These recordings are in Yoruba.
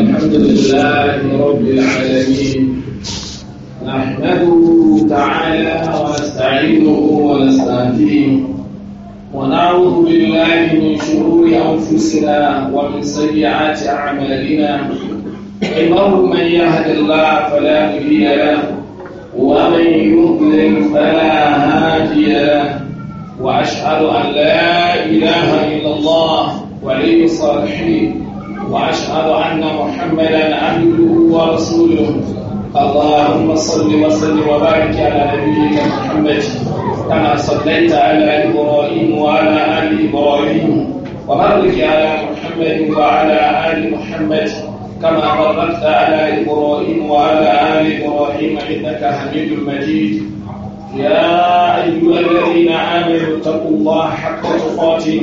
الحمد لله رب العالمين نحمده تعالى ونستعينه ونستهديه ونعوذ بالله من شرور انفسنا ومن سيئات اعمالنا انه من يهد الله فلا مضل له ومن يضلل فلا هادي له واشهد ان لا اله الا الله ولي الصالحين وأشهد أن محمدا عبده ورسوله اللهم صل وسلم وبارك على نبيك محمد كما صليت على إبراهيم وعلى آل إبراهيم وبارك على محمد وعلى آل محمد كما باركت على إبراهيم وعلى آل إبراهيم إنك حميد مجيد يا أيها الذين آمنوا اتقوا الله حق تقاته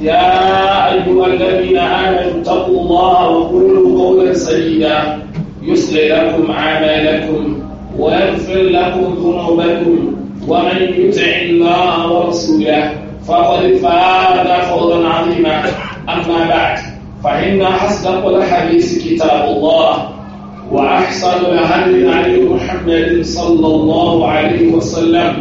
يا أيها الذين آمنوا اتقوا الله وقولوا قولا سديدا يصلح لكم أعمالكم ويغفر لكم ذنوبكم ومن يطع الله ورسوله فقد فاز فوزا عظيما أما بعد فإن أصدق الحديث كتاب الله وأحسن الهدي علي محمد صلى الله عليه وسلم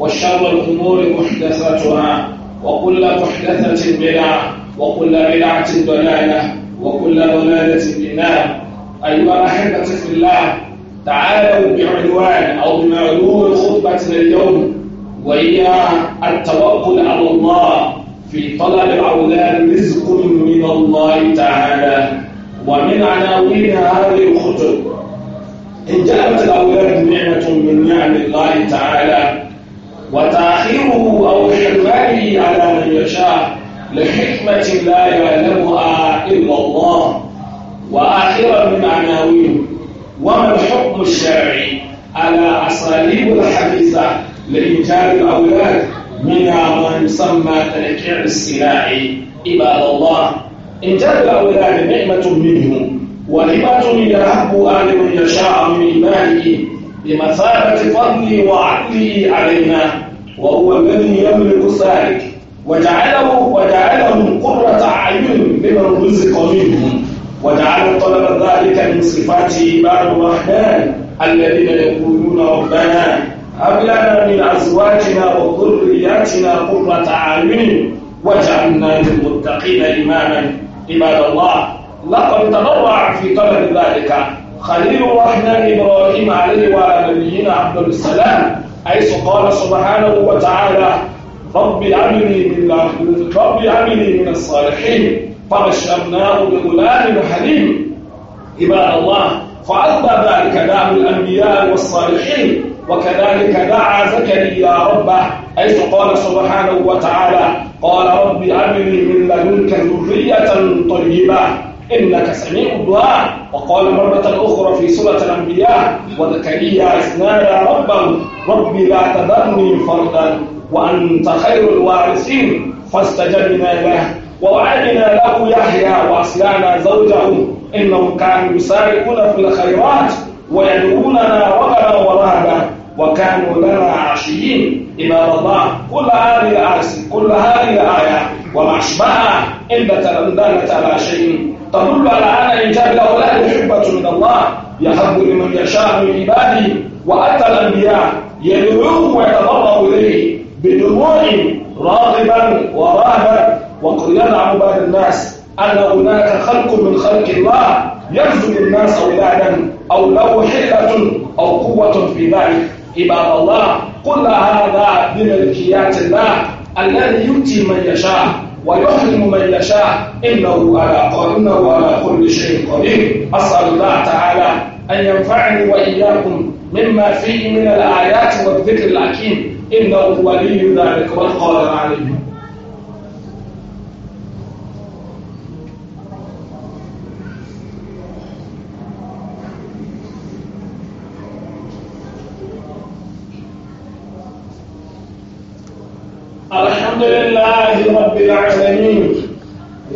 وشر الأمور محدثاتها وكل محدثة بدعة وكل بدعة ضلالة وكل ضلالة في أيها الأحبة في الله تعالوا بعنوان أو بمعلوم خطبتنا اليوم وهي التوكل على الله في طلب الأولاد رزق من الله تعالى ومن عناوين هذه الخطب إن جاءت الأولاد نعمة من نعم الله تعالى وتأخيره أو حرمانه على من يشاء لحكمة لا يعلمها إلا الله وآخرا عناوين وما الحكم الشرعي على أساليب الحديثة لإنجاب الأولاد من ما يسمى تنكيع السلاح عباد الله إنجاب الأولاد نعمة منه وهبة يحب أهل من يشاء من إيمانه بمثابة فضلي وعدلي علينا وهو الذي يملك ذلك وجعله وجعلهم قرة أعين لمن رزق منهم وجعل طلب ذلك من صفات عباد الرحمن الذين يقولون ربنا هب لنا من ازواجنا وذرياتنا قرة اعين واجعلنا للمتقين اماما عباد الله لقد تضرع في طلب ذلك خليل الرحمن إبراهيم عليه وعلى نبينا عبد السلام حيث قال سبحانه وتعالى رب عملي من رب عملي من الصالحين فبشرناه بغلام حليم عباد الله فأثبت ذلك دعم الأنبياء والصالحين وكذلك دعا زكريا ربه حيث قال سبحانه وتعالى قال رب عملي من لدنك ذرية طيبة إنك سميع الدعاء وقال مرة أخرى في سورة الأنبياء وذكريا إذ نادى ربه رب لا تذرني فردا وأنت خير الوارثين فاستجبنا له ووعدنا له يحيى وأصلحنا زوجه إنهم كانوا يسارقون في الخيرات ويدعوننا رغبا ورهبا وكانوا لنا عاشيين عباد الله كل هذه الآية كل هذه الآية وما أشبهها إن دلت على شيء تدل على أن إنجاب الأولاد محبه من الله يحب لمن يشاء من عباده وأتى الأنبياء يدعوه ويتضرع إليه بدموع راغبا ورهبا وقد يدع بعض الناس أن هناك خلق من خلق الله يرزق الناس أولادا أو له حكمه أو قوة في ذلك عباد الله كل هذا بملكيات الله الذي يؤتي من يشاء ويحرم من يشاء إنه على قانونه على كل شيء قدير أسأل الله تعالى أن ينفعني وإياكم مما فيه من الآيات والذكر الحكيم إنه ولي ذلك والقادر عليه الحمد لله رب العالمين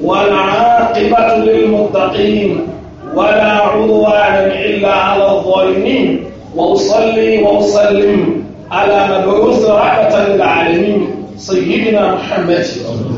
والعاقبة للمتقين ولا عدوان إلا على الظالمين وأصلي وأسلم على مبعوث رحمة للعالمين سيدنا محمد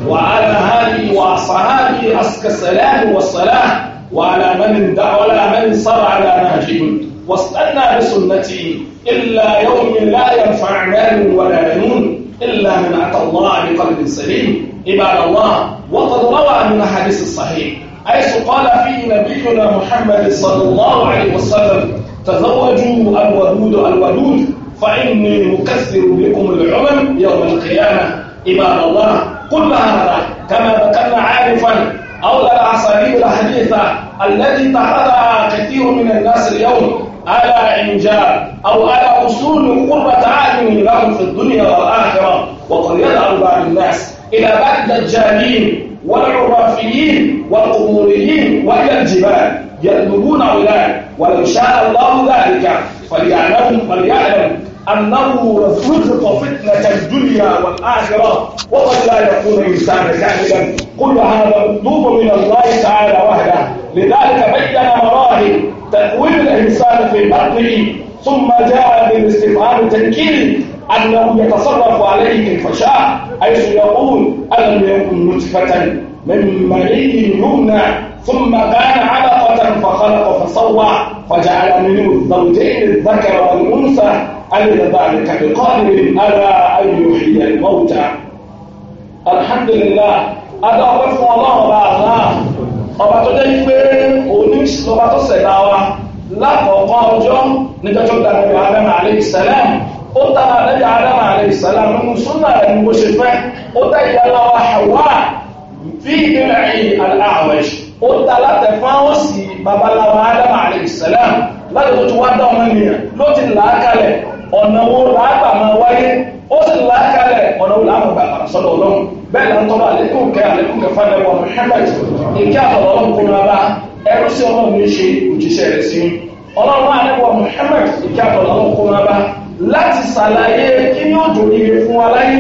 وعلى آله وأصحابه أسكى السلام والصلاة وعلى من وعلى من صار على نهجه واستنى بسنته إلا يوم لا ينفع مال ولا بنون إلا من أتى الله بقلب سليم عباد الله وقد روى من الحديث الصحيح حيث قال فيه نبينا محمد صلى الله عليه وسلم تزوجوا الودود الودود فإني مكثر بكم العمم يوم القيامة عباد الله كل هذا كما ذكرنا عارفا أولى الأساليب الحديثة التي تعرضها كثير من الناس اليوم على انجاب أو على حصول قرة عالم لهم في الدنيا والآخرة وقد يذهب بعض الناس إلى بعد الدجالين والعرافيين والقبوريين وإلى الجبال يطلبون أولاد ولو شاء الله ذلك فليعلم فليعلم أنه رزق فتنة الدنيا والآخرة وقد لا يكون الانسان كاملا كل هذا مطلوب من الله تعالى وحده لذلك بين مراحل تكوين الإنسان في بطنه ثم جاء بالاستفهام التنكيل أنه يتصرف عليه كيف شاء حيث يقول ألم يكن نطفة من مريء يمنى ثم كان علقة فخلق فصوى فجعل منه الزوجين الذكر والأنثى أليس ذلك بقادر ألا أن يحيي الموتى الحمد لله هذا هو الله وبعضها ọba tó jẹ́ wípé òní ọba tó ṣẹ̀dá wa lákọ̀ọ́kọ́ ọjọ́ níjọ́jọ́ dàbí Adam alayhi salam ó tàbí àdẹ́bí Adam alayhi salam nínú súnà rẹ̀ ní bó ṣe fẹ́ ó tẹ́ ìyàlá wa Hawa fi ìdílẹ̀yìn al-A'mash ó tà látẹ̀fọ́ àwọn sì babaláwa Adam alayhi salam láti tó ti wá dá ọmọ ènìyàn ló ti là ọ̀nà wo làá máa wáyé ó sì là ọ̀nà wo làá mọ̀ gbà bẹ́ẹ̀ náà tọ́lá àlékún kẹ́ àlékún kẹ́ fún ẹ̀wọ̀n Muhammad ìkẹ́ àtọ̀lọ́ ọlọ́run bá ẹrú sí ọlọ́run ní ṣe òjíṣẹ́ rẹ̀ sí ọlọ́run àlékún Muhammad ìkẹ́ àtọ̀lọ́ ọlọ́run bá láti ṣàlàyé kí ni ó dòní ire fún wa láyé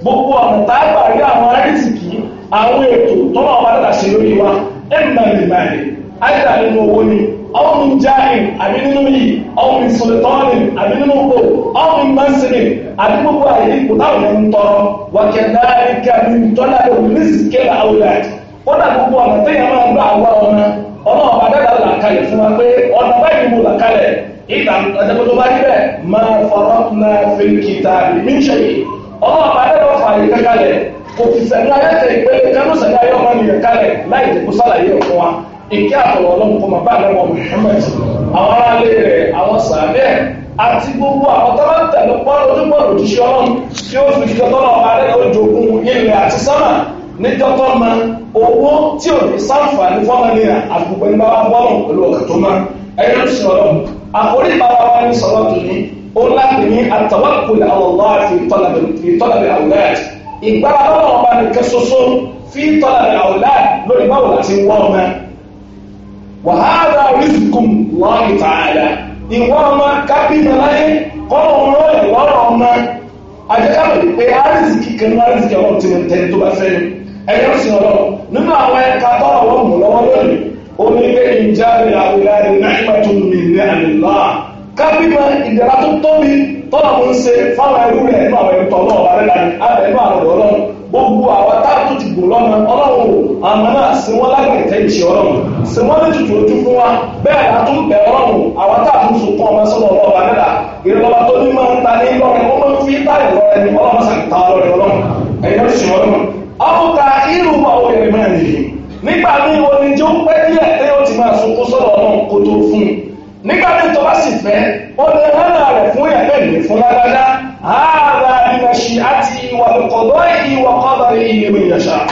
gbogbo ọ̀nà tá a gbà rí àwọn arítìkì àwọn ètò tọ́lá ọba dàda sí lórí wa ẹ̀ أو من جاع àbí nínú yìí أو من سلطان àbí nínú kò أو من منصب àbí gbogbo àyè kò táwọn ẹni ń tọrọ وكذلك من طلب الرزق الأولاد kódà gbogbo ọ̀nà téèyàn máa ń gbà wá ọ̀nà ọ̀nà ọ̀bà dàgbà là kalẹ̀ fún wa pé ọ̀nà báyìí mo là kalẹ̀ ìgbà àtẹ̀kọ́tò bá rí bẹ́ẹ̀ máa faraqna fil wa èké àtọ̀wọ̀ ọlọ́run kọ́ máa bá àlẹ́ wọn Muhammad àwọn aráalé rẹ̀ àwọn sàbẹ̀ àti gbogbo àwọn tó máa ń tẹ̀lé pọ́nlọ́ tó pọ̀ lòdì sí ọlọ́run tí ó fi jọtọ́ lọ alẹ́ tó jogun ilẹ̀ àti sánmà níjọtọ́ ma owó tí ò ní sáǹfààní fọ́nmọ́ ní àgbègbè ńlá bọ́ọ̀lù pẹ̀lú ọ̀kà tó má lórí báwo láti wọ́ ọmọ wàhálà rìsíkùn lọ́ọ̀kì tààdà ìwọ kápínà láyé ìwọ ọmọ ajẹ́kàmọ̀ ìdára tó tóbi ń fáwọn ẹrú rẹ̀ àwọn ẹ̀tọ́ sèmọ́lé tutù ojú fún wa bẹ́ẹ̀ la tún bẹ̀ ọlọ́run àwọn tá a tún sunkún ọmọ sọ́nà ọlọ́run bá nílà ìrẹ́lọ́ba tó ní máa ń ta ní lọ́rẹ̀ wọ́n máa ń fi táyà lọ́rẹ̀ ní ọlọ́run sàn ta lọ́rẹ̀ ọlọ́run ẹ̀yẹ́ ló sùn ọlọ́run. ọkùnta irú ma ó yẹrẹ máa nìyí nígbà míì wọn ni jẹun pẹ́ díẹ̀ pé ó ti máa sunkún sọ́nà ọlọ́run kó tó fún un nígbà míì tó bá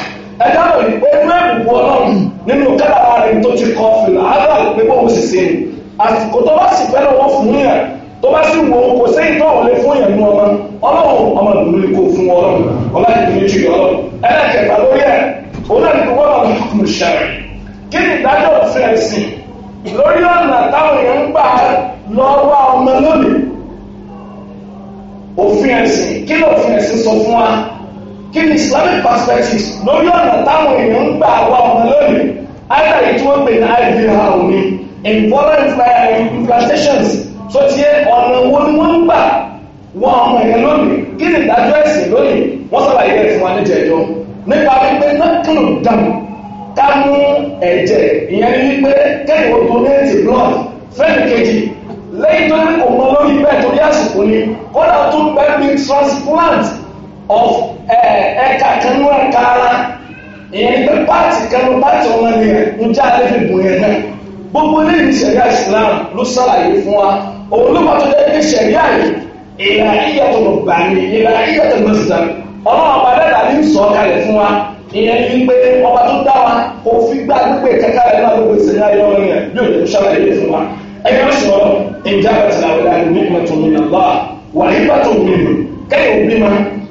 fẹ́ ẹ̀dá lò ní ẹnu ẹ̀bùbù ọlọ́run nínú kádàrá rẹ̀ tó ti kọ́ fìlà ágbà o sì sí ni àsìkò tó bá sì fẹ́ lọ́wọ́ fún yàn tó bá sì kò sẹ́yìn tó fún ní ọmọ ọlọ́run ọmọ ìlú ni kò fún ọlọ́run ọlọ́run ọlọ́run ẹlẹ́kẹ̀ẹ́ta lórí ẹ̀ kí ni islamic perspective lórí ọ̀nà táwọn èèyàn ń gbà wá ọmọ lónìí either èyí tí wọ́n pè ní idea òní involved implantations tó ti yẹ ọ̀nà wo ni wọ́n ń gbà wọ́n ọmọ yẹn lónìí kí ni ìdájọ́ ẹ̀sìn lónìí wọ́n sábà yẹ ẹ̀sìn wọn níjẹ̀ ẹjọ́ nípa wípé nákìlù dàmú ká mú ẹ̀jẹ̀ ìyẹn ní wípé kẹ́yìn ó donate blood fẹ́ẹ̀mì kejì lẹ́yìn tó ní kò mọ lórí bẹ́ẹ̀ torí àsìkò ni kódà tún bẹ́ẹ̀ bí transplant of ẹka ní ẹ̀ka ìyẹn ní pé páàtì ní wọn ni náà gbogbo ní ìṣẹ̀rí Islam ló ṣàlàyé fún wa òun ló pàtó àyè ìlà ìyàtọ̀ ló ìlà ìyàtọ̀ ló ọlọ́run dẹ́ta ní sọ kalẹ̀ fún wa ìyẹn ní pé ọba tó dá wa kò fi gbá gbígbé kẹ́kẹ́ rẹ̀ náà gbogbo àyè ọmọ yẹn yóò ṣàlàyé fún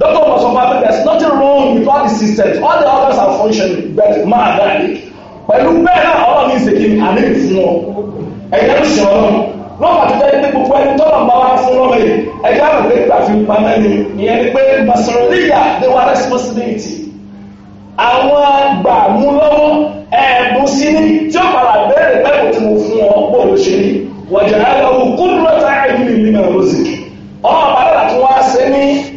Doctor was confirmed there's nothing wrong with all the systems all the organs are functioning but man die pẹ̀lú bẹ́ẹ̀ náà ọlọ́run ní ìsèké ní àná ìfún ọ ẹ̀yẹ́ ń sọ ọ́ lọ́pàá tó jẹ́ pé gbogbo ẹni tọ́lọ̀ máa wá fún lọ́wọ́ yìí ẹ̀jẹ̀ àwọn ìgbẹ́ ìgbà fi pamẹ́ ni ìyẹn ni pé masoroliya they were responsibility àwọn àgbà mú lọ́wọ́ ẹ̀ẹ́dùn sí ní tí ó padà béèrè pẹ́ẹ́kù tí mo fún ọ bó ló ṣe ní wọ̀jẹ̀ ẹ̀rọ kúndùrọ̀ta ẹ̀yìn ní mímọ̀ lọ́sìkì ọ̀ọ́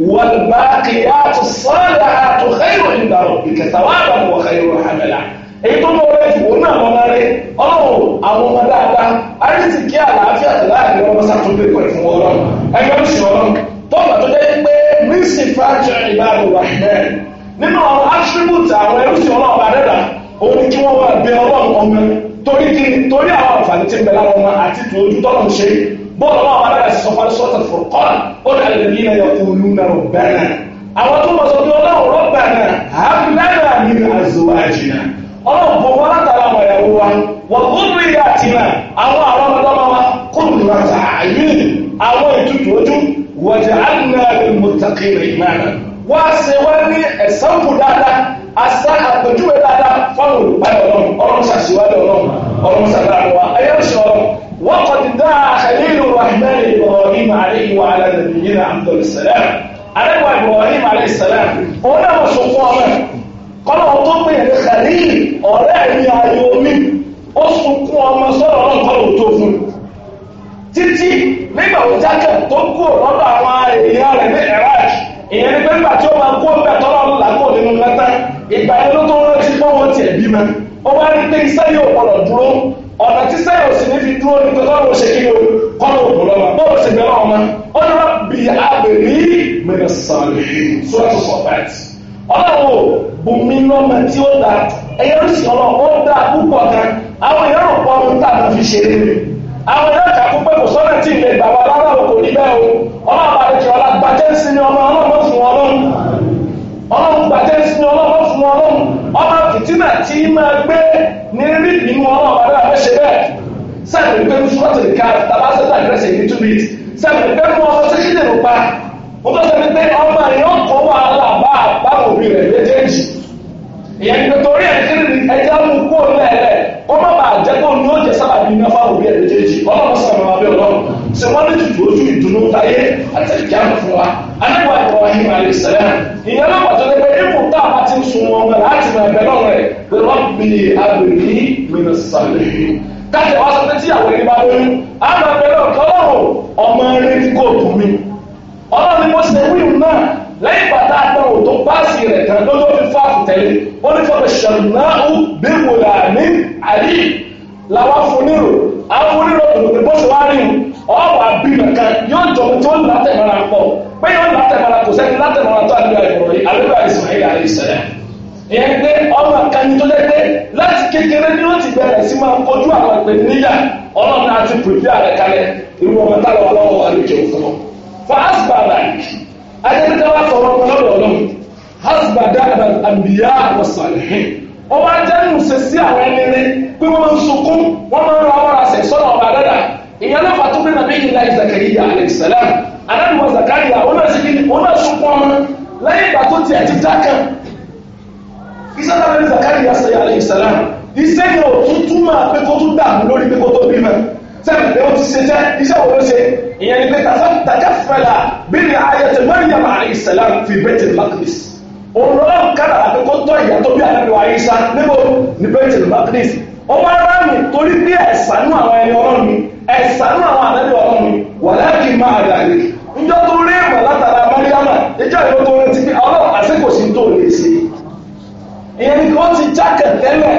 والباقيات الصالحات خير عند ربك ثوابا وخير حملا èyí tó lọ́wọ́ rẹ̀ jùlọ náà mọ́ náà rẹ̀ ọlọ́run àwọn ọmọ dáadáa àrísìkí àlàáfíà láàrin ọmọ sàtúndé pẹ̀lú fún ọlọ́run ẹgbẹ́ òsì ọlọ́run tọ́gbà tó jẹ́ pé mísì fàájọ ìbáàrò rahman nínú àwọn attribute àwọn ẹrúsì ọlọ́run bá dẹ́dà òun kí wọ́n wà bẹ ọlọ́run ọmọ torí kí torí àwọn àǹfààní tí ń bẹ lára ọmọ àti tòójú tọ́lọ́ bọ́ọ̀lù náà wà lára sọ wọn sọ́tà fòkàn ó dà lè ní ẹ̀yọ olú náà bẹ́ẹ̀ àwọn tó wọ́n sọ pé ọlọ́run rọ́bà náà àbúlára mi azwajina ọlọ́run bọ̀ wọ́n látara àwọn ìyàwó wa wọ́n kó lórí ìyá àti náà àwọn àwọn ọmọdọ́mọ wa kó lóra tà ayé àwọn ìtutù ojú wọ́jà ánà mọ̀tàkìrì وقد دعا خليل الرحمن ابراهيم عليه وعلى نبينا عبد السلام عليه ابراهيم عليه السلام هنا وسقوه قال وطب خليل ọ̀rẹ́ mi ayọ̀mí ó sunkún ọmọ sọ́rọ̀ ọlọ́pàá tó fún títí nígbà tó jákè tó kú lọ́dọ̀ àwọn èèyàn rẹ̀ ní Iraq ìyẹn ní pé tí ó máa kú ọbẹ̀ tọ́lọ́ làkó nínú lẹ́tà ìgbà yẹn tó rántí pé wọ́n ti ó wá rí pé iṣẹ́ yóò pọ̀lọ̀ dúró dúró ní pẹ́ẹ́ kọ́nà òṣèké o kọ́nà òkú lọ́wọ́ bọ́ọ̀lù sì gbẹ́wọ́ ọmọ ọlọ́wọ́ bí abèrè mẹ́rin sàlẹ̀ sọ́ọ̀tù sọ̀bẹ́tì ọlọ́wọ́ bùnmi lọ́mọ tí ó dà ẹ̀yẹ́rì sí ọlọ́wọ́ ó dà púpọ̀ kan àwọn èèyàn rò pọ́n ń tà náà fi ṣe é àwọn èèyàn kà fún pé kò sọ́nà tí ilẹ̀ ìgbà wa lára ní bẹ́ẹ̀ o ọlọ́wọ́ àbájọ alágbàjẹ́ sí ni ọmọ ọlọ́wọ́ fún ọlọ́run ọlọ́run gbàjẹ́ sí ni ọlọ́wọ́ fún ọlọ́run ọmọ fìtínà tí máa gbé ní rí ìnú ọlọ́wọ́ àbájọ àbẹ́ṣe bẹ́ẹ̀ sáàmì pé mú ṣúgbọ́n tòlè ká bàbá sẹ́tà ìrẹsẹ̀ yìí two minutes sáàmì pé mú ọsọ sí kílè ló pa mo bá sọ pé ọmọ rẹ yóò kọ́ wàhálà bá bá òbí rẹ méjèèjì ìyẹn ní torí ẹ̀ kí ni ẹja mú kó lẹ́ẹ̀lẹ́ kó má bàa jẹ́ kó ní ó jẹ sábà bí mẹ́fà òbí rẹ méjèèjì ọlọ́run sọ̀rọ̀ wọn abẹ́ ọlọ́run ṣe wọ́n ní tutù ojú ìdùnnú táyé àti ìjánu fún wa anáwó àgbọ̀ ọ̀hìn àlè sẹ́lẹ̀ ìyẹn lọ́pàá tó lé pé ipò tá a bá ti ń sun wọn mọ́ láti mọ ẹ̀bẹ̀ náà rẹ̀ pé wọ́n bí abèrè yìí mi ní sàlẹ̀ yìí káṣẹ̀ wá sọ pé tí àwọn ènìyàn bá lóyún á máa bẹ̀rẹ̀ ọ̀kẹ́ ọlọ́run ọmọ rẹ ní kóòtù mi ọlọ́run ni mo ṣe wíwù náà lẹ́yìn bàtà àtàwọn tó páàsì rẹ̀ kan lọ́jọ́ fi fún àfùtẹ́lẹ̀ ó ní fọ́pẹ́ ṣàlùmáàhù bíwòlà ní àlì làwọn afunirò afunirò òdòdó bó ṣe wá rí ọwọ́ àbí nìkan yóò jọ tí ó látẹ̀mọ́ra pọ̀ pé yóò látẹ̀mọ́ra kò sẹ́ni látẹ̀mọ́ra tó àdúrà ìbọ̀rọ̀ yìí àdúrà ìsìnmáyé àlè ìṣẹ̀lẹ̀ ìyẹn pé ọmọ kan tó lẹ́gbẹ́ kékeré ni wọ́n ti bẹ̀rẹ̀ sí máa ń kojú àwọn ìpèníjà ọlọ́run àti pèpè àrẹ kalẹ̀ irú ọmọ táwọn ọlọ́run wà lójú òkú wọn. fàásbàdà ajẹ́dẹ́dẹ́ wa sọ̀rọ̀ ọlọ́run ọlọ́run hasbàdà àbíyá àwọ̀sàlẹ̀ ọmọ ajẹ́nu ṣe sí àwọn ẹni rẹ pé wọ́n ń sunkún wọ́n máa ń ra ọmọ rẹ̀ sọ́nà ọba dada ìyẹn ló fàtó pé nàbí ìlà ìzàkàríyà àlẹ́sàlám aláàbò zakaria ó náà ṣèkí ó náà sunkún ọmọ lẹ́yìn ìgbà tó tiẹ̀ ti já ha ìsàkàríyà sẹ́yà àlẹ́sàlám iṣẹ́ yẹn ò tún túmọ̀ pé kó tún dààmú lórí pé kó tó bímọ sẹ́yìn pé ó ti ṣe jẹ́ iṣẹ́ wo ló ṣe ni pé tàkàfẹ́lá bí ní ayẹtẹ Maryam alayhis salam fi Baitul Maqdis òǹrọ̀lọ́n kára àti kó tọ́ ìyá tó bí àlejò àyíṣà níbo ní Baitul Maqdis ọmọ aráàlú torí bí ẹ̀sánú àwọn ẹni ọlọ́run mi ẹ̀sánú àwọn àlejò ọlọ́run mi njọ́ tó rí ìmọ̀ látara Maryam ìjọ ìlú tó rántí pé ọlọ́run àṣekòsí tó lè ṣe ìyẹn ni kí wọ́n ti jákè tẹ́lẹ̀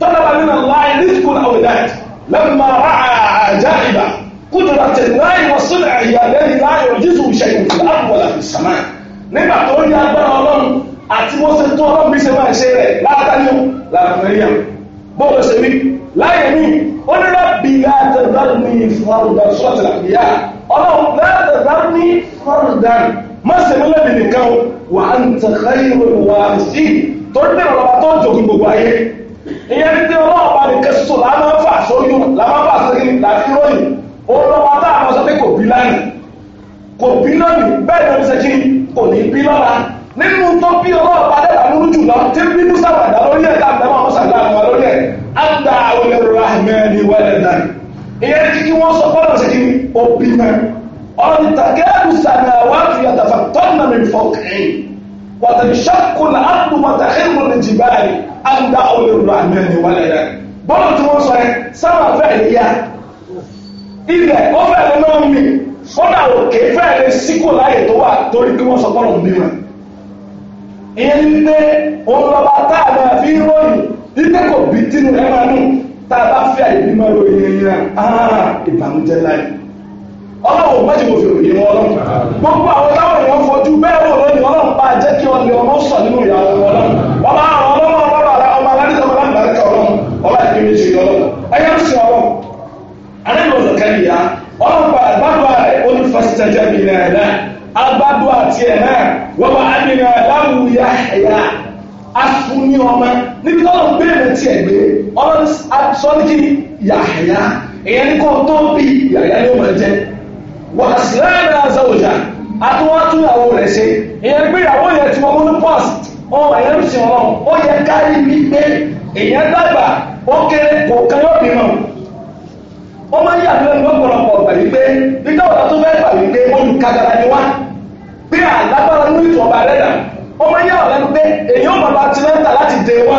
طلب من الله رزق أو ذات لما رأى عجائب قدرة الله وصنع الذي لا يعجزه شيء في الأرض ولا في السماء nígbà tó ní agbára ọlọ́run àti wọ́n ṣe tó ọlọ́run bí ṣe máa ṣe rẹ̀ látàlú làmúríà bóòlù ṣe rí láyé mi ó ní lábì látàlú ní ìfọ̀rùdà sọ́ọ̀tì àbíyá ọlọ́run látàlú ní ìfọ̀rùdà má ṣe mí lẹ́bi nìkan wà á ń tẹ̀lé ìròyìn wà á sí tó ń dẹ̀rọ̀ tó ń jogún gbogbo ayé ìyẹn ti dé ọlọ́wọ́ bá nìkan ṣoṣo làá máa fà sóyún làá máa fà sóyún láti ròyìn ó lọ́wọ́ tá a máa sọ pé kò bí lánìí kò bí lánìí bẹ́ẹ̀ ló ń ṣe kí kò ní bí lọ́la nínú tó bí ọlọ́wọ́ bá dẹ́ta lórí jù lọ tí bí musa wàdà lórí ẹ̀ tá a bẹ̀rẹ̀ wọn sàdá àwọn lórí ẹ̀ á gba àwọn ẹ̀rọ ahmed wẹ́lẹ̀ náà ìyẹn ti kí wọ́n sọ fọ́nà ṣe kí òbí mẹ́ ọ̀nìtàkẹ́rù sàmìàwá fìyàtàfà tọ́nà mi fọ́ọ̀kì wàtàbí ṣàkólà àdùnmọ̀tàkẹ́rù lè jì báyìí anda olùrù àmì ẹni wà lẹ́rẹ̀ bọ́ọ̀lù tí wọ́n sọ yẹn sábà fẹ́ẹ̀ lè yá ilẹ̀ ó fẹ́ẹ̀ lè náà mi fọ́dà òkè fẹ́ẹ̀ lè síkò láyè tó wà torí kí wọ́n sọ bọ́ọ̀lù mímọ́ ìyẹn ní pé òun lọ́ba tá a máa fi ròyìn dídé kò bí tínú ẹ máa nù tá a bá fẹ́ àyè mímọ́ ròyìn yẹn yẹn ah ìbànújẹ́ láyè ọlọ́wọ́ mẹ́jì mo fi ròyìn wọn lọ́nà gbogbo àwọn táwọn èèyàn fojú bẹ́ẹ̀ wò lónìí ọlọ́run bá jẹ́ kí ọlẹ́ bi ti yọ ẹyẹ sọ ọwọ anamu zakariya ọba agbado a onífasitẹjẹ mi náà náà agbado àti ẹ náà wọn bá amina láwù yá ẹyà afunni ọmọ níbi tí wọn gbé ẹmẹ tiẹ gbé ọlọrin sọdíkì yá ẹyà ìyẹn ní kò tó bí yá ẹyà ni ó máa jẹ wà á sì láyé náà zọwọjà àtúwàtúyàwó rẹ ṣe ìyẹn gbéyàwó yẹn tí wọn mú ní pọs ọmọ yẹn ń sìn Ọlọ́run ó yẹ kárí wípé. èèyàn dàgbà ó kéré kò kan yóò bímọ ó máa ń yàgbé ẹni lọ́pọ̀lọpọ̀ gbà wípé nígbà wọ́n tó fẹ́ gbà wípé olùkagara ni wá pé àlágbára ní ìtàn ọba rẹ̀ dà ó máa ń yàwọ̀ lẹ́nu pé bàbá ti láti dé wá